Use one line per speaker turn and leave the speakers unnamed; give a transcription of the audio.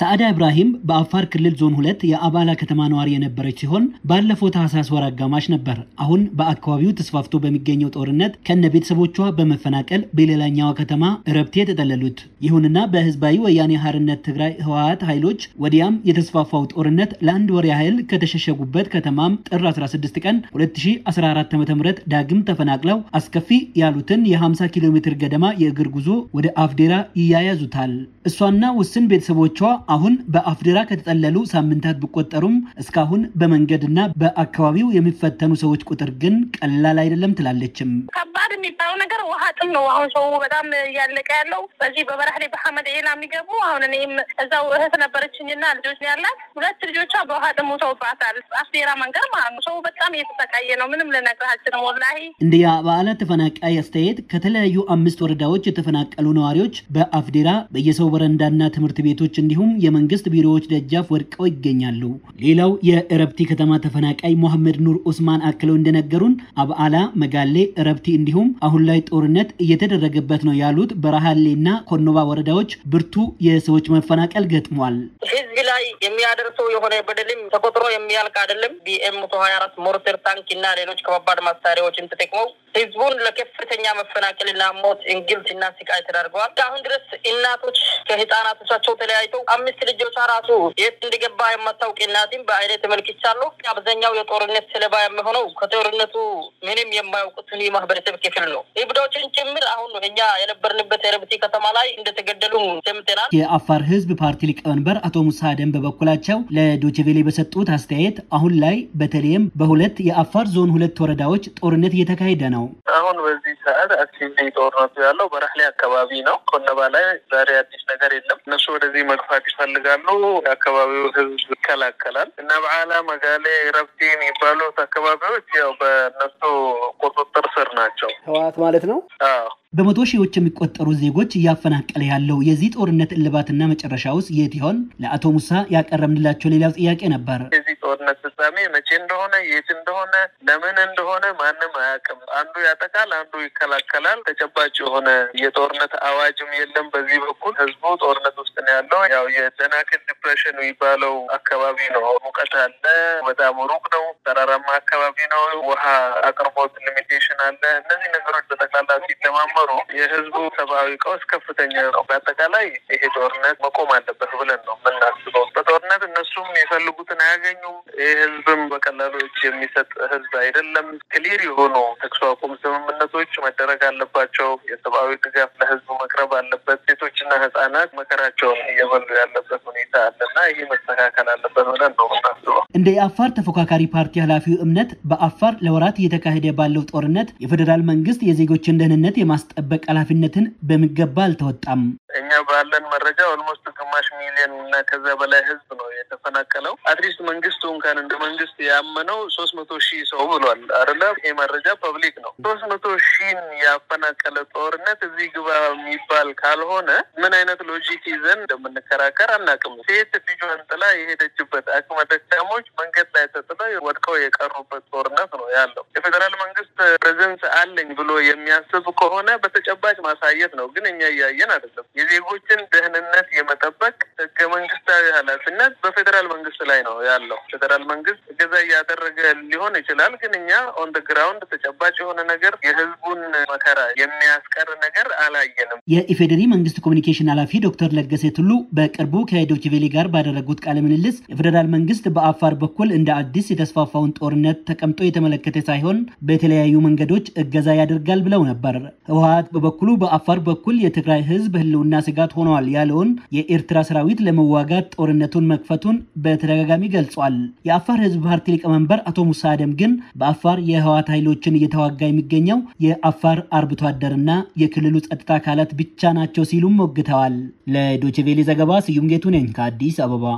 ሰዓዳ ኢብራሂም በአፋር ክልል ዞን ሁለት የአባላ ከተማ ነዋሪ የነበረች ሲሆን ባለፈው ታህሳስ ወር አጋማሽ ነበር አሁን በአካባቢው ተስፋፍቶ በሚገኘው ጦርነት ከነ ቤተሰቦቿ በመፈናቀል በሌላኛዋ ከተማ ረብቴ የተጠለሉት። ይሁንና በህዝባዊ ወያኔ ሀርነት ትግራይ ህወሀት ኃይሎች ወዲያም የተስፋፋው ጦርነት ለአንድ ወር ያህል ከተሸሸጉበት ከተማም ጥር 16 ቀን 2014 ዓ ም ዳግም ተፈናቅለው አስከፊ ያሉትን የ50 ኪሎ ሜትር ገደማ የእግር ጉዞ ወደ አፍዴራ ይያያዙታል። እሷና ውስን ቤተሰቦቿ አሁን በአፍዴራ ከተጠለሉ ሳምንታት ቢቆጠሩም እስካሁን በመንገድና በአካባቢው የሚፈተኑ ሰዎች ቁጥር ግን ቀላል አይደለም ትላለችም።
የሚባለው ነገር ውሃ ጥም ነው። አሁን ሰው በጣም እያለቀ ያለው በዚህ በበረሃ ላይ በሐመድ ዒላ የሚገቡ አሁን እኔም እዛው እህት ነበረችኝና ልጆች ያላት ሁለት ልጆቿ በውሃ ጥም ሙተውባታል። አፍዴራ መንገድ ማለት ነው። ሰው በጣም እየተሰቃየ ነው። ምንም ልነግርህ አልችልም ወላሂ።
እንዲያ በዓለ ተፈናቃይ አስተያየት ከተለያዩ አምስት ወረዳዎች የተፈናቀሉ ነዋሪዎች በአፍዴራ በየሰው በረንዳና ትምህርት ቤቶች እንዲሁም የመንግስት ቢሮዎች ደጃፍ ወድቀው ይገኛሉ። ሌላው የእረብቲ ከተማ ተፈናቃይ ሞሐመድ ኑር ኡስማን አክለው እንደነገሩን አብዓላ፣ መጋሌ፣ እረብቲ እንዲሁም ጉዳይም አሁን ላይ ጦርነት እየተደረገበት ነው ያሉት በረሃሌ እና ኮኖባ ወረዳዎች ብርቱ የሰዎች መፈናቀል ገጥሟል።
ህዝብ ላይ የሚያደርሰው የሆነ በደልም ተቆጥሮ የሚያልቅ አይደለም። ቢኤም መቶ ሀያ አራት ሞርተር፣ ታንክ እና ሌሎች ከባባድ መሳሪያዎችን ተጠቅመው ህዝቡን ለከፍተኛ መፈናቀልና ሞት፣ እንግልት እና ስቃይ ተዳርገዋል። አሁን ድረስ እናቶች ከህፃናቶቻቸው ተለያይተው አምስት ልጆቿ ራሱ የት እንደገባ የማታውቅ እናትም በአይነት ተመልክቻለሁ። አብዛኛው የጦርነት ሰለባ የሚሆነው ከጦርነቱ ምንም የማያውቁትን የማህበረሰብ ክፍል ትክክል ነው። እብዶችን ጭምር አሁን እኛ የነበርንበት የረብቲ ከተማ ላይ እንደተገደሉ ሰምተናል።
የአፋር ህዝብ ፓርቲ ሊቀመንበር አቶ ሙሳ ደን በበኩላቸው ለዶችቬሌ በሰጡት አስተያየት አሁን ላይ በተለይም በሁለት የአፋር ዞን ሁለት ወረዳዎች ጦርነት እየተካሄደ ነው።
አሁን በዚህ ሰዓት አክቲቭ ጦርነቱ ያለው በራህሌ አካባቢ ነው። ኮነባ ላይ ዛሬ አዲስ ነገር የለም። እነሱ ወደዚህ መግፋት ይፈልጋሉ። የአካባቢው ህዝብ ይከላከላል እና በዓላ መጋሌ፣
ረብቲ የሚባሉት አካባቢዎች ያው በነሱ ናቸው ህወሓት ማለት ነው። በመቶ ሺዎች የሚቆጠሩ ዜጎች እያፈናቀለ ያለው የዚህ ጦርነት እልባትና መጨረሻ ውስጥ የት ይሆን? ለአቶ ሙሳ ያቀረብንላቸው ሌላው ጥያቄ ነበር። ጦርነት ፍጻሜ መቼ እንደሆነ የት እንደሆነ ለምን እንደሆነ
ማንም አያውቅም። አንዱ ያጠቃል፣ አንዱ ይከላከላል። ተጨባጭ የሆነ የጦርነት አዋጅም የለም። በዚህ በኩል ህዝቡ ጦርነት ውስጥ ነው ያለው። ያው የደናክል ዲፕሬሽን የሚባለው አካባቢ ነው። ሙቀት አለ፣ በጣም ሩቅ ነው፣ ተራራማ አካባቢ ነው። ውሃ አቅርቦት ሊሚቴሽን አለ። እነዚህ ነገሮች በጠቅላላ ሲደማመሩ የህዝቡ ሰብአዊ ቀውስ ከፍተኛ ነው። በአጠቃላይ ይሄ ጦርነት መቆም አለበት ብለን ነው የምናስበው። በጦርነት እነሱም የፈልጉትን አያገኙም። ይህ ህዝብም በቀላሉ እጅ የሚሰጥ ህዝብ አይደለም። ክሊር የሆኑ ተኩስ አቁም ስምምነቶች መደረግ አለባቸው። የሰብአዊ ድጋፍ ለህዝቡ መቅረብ አለበት። ሴቶች ሴቶችና ህጻናት መከራቸውን እየበሉ ያለበት ሁኔታ አለና ይህ መስተካከል
አለበት ብለን ነው ምናስበው። እንደ የአፋር ተፎካካሪ ፓርቲ ኃላፊው እምነት በአፋር ለወራት እየተካሄደ ባለው ጦርነት የፌዴራል መንግስት የዜጎችን ደህንነት የማስጠበቅ ኃላፊነትን በሚገባ አልተወጣም። እኛ
ባለን መረጃ ኦልሞስት
ግማሽ ሚሊዮን እና
ከዛ በላይ ህዝብ ነው የተፈናቀለው። አትሊስት መንግስቱ እንኳን እንደ መንግስት ያመነው ሶስት መቶ ሺህ ሰው ብሏል አደለ? ይሄ መረጃ ፐብሊክ ነው። ሶስት መቶ ሺህን ያፈናቀለ ጦርነት እዚህ ግባ የሚባል ካልሆነ ምን አይነት ሎጂክ ይዘን እንደምንከራከር አናቅም። ሴት ልጇን ጥላ የሄደችበት አቅመ ደካሞች መንገድ ላይ ተጥለው ተሳትፈው የቀሩበት ጦርነት ነው ያለው። የፌዴራል መንግስት ፕሬዘንስ አለኝ ብሎ የሚያስብ ከሆነ በተጨባጭ ማሳየት ነው፣ ግን እኛ እያየን አይደለም። የዜጎችን ደህንነት የመጠበቅ ህገ መንግስታዊ ኃላፊነት በፌዴራል መንግስት ላይ ነው ያለው። ፌዴራል መንግስት እገዛ እያደረገ ሊሆን ይችላል፣ ግን እኛ ኦን ደ ግራውንድ ተጨባጭ የሆነ ነገር የህዝቡን መከራ የሚያስቀር
ነገር አላየንም። የኢፌዴሪ መንግስት ኮሚኒኬሽን ኃላፊ ዶክተር ለገሰ ቱሉ በቅርቡ ከዶችቬሌ ጋር ባደረጉት ቃለ ምልልስ የፌዴራል መንግስት በአፋር በኩል እንደ አዲስ የተስፋፋ የተስፋፋውን ጦርነት ተቀምጦ የተመለከተ ሳይሆን በተለያዩ መንገዶች እገዛ ያደርጋል ብለው ነበር። ህወሀት በበኩሉ በአፋር በኩል የትግራይ ህዝብ ህልውና ስጋት ሆነዋል ያለውን የኤርትራ ሰራዊት ለመዋጋት ጦርነቱን መክፈቱን በተደጋጋሚ ገልጿል። የአፋር ህዝብ ፓርቲ ሊቀመንበር አቶ ሙሳ አደም ግን በአፋር የህወሀት ኃይሎችን እየተዋጋ የሚገኘው የአፋር አርብቶ አደርና የክልሉ ጸጥታ አካላት ብቻ ናቸው ሲሉም ሞግተዋል። ለዶችቬሌ ዘገባ ስዩም ጌቱ ነኝ ከአዲስ አበባ።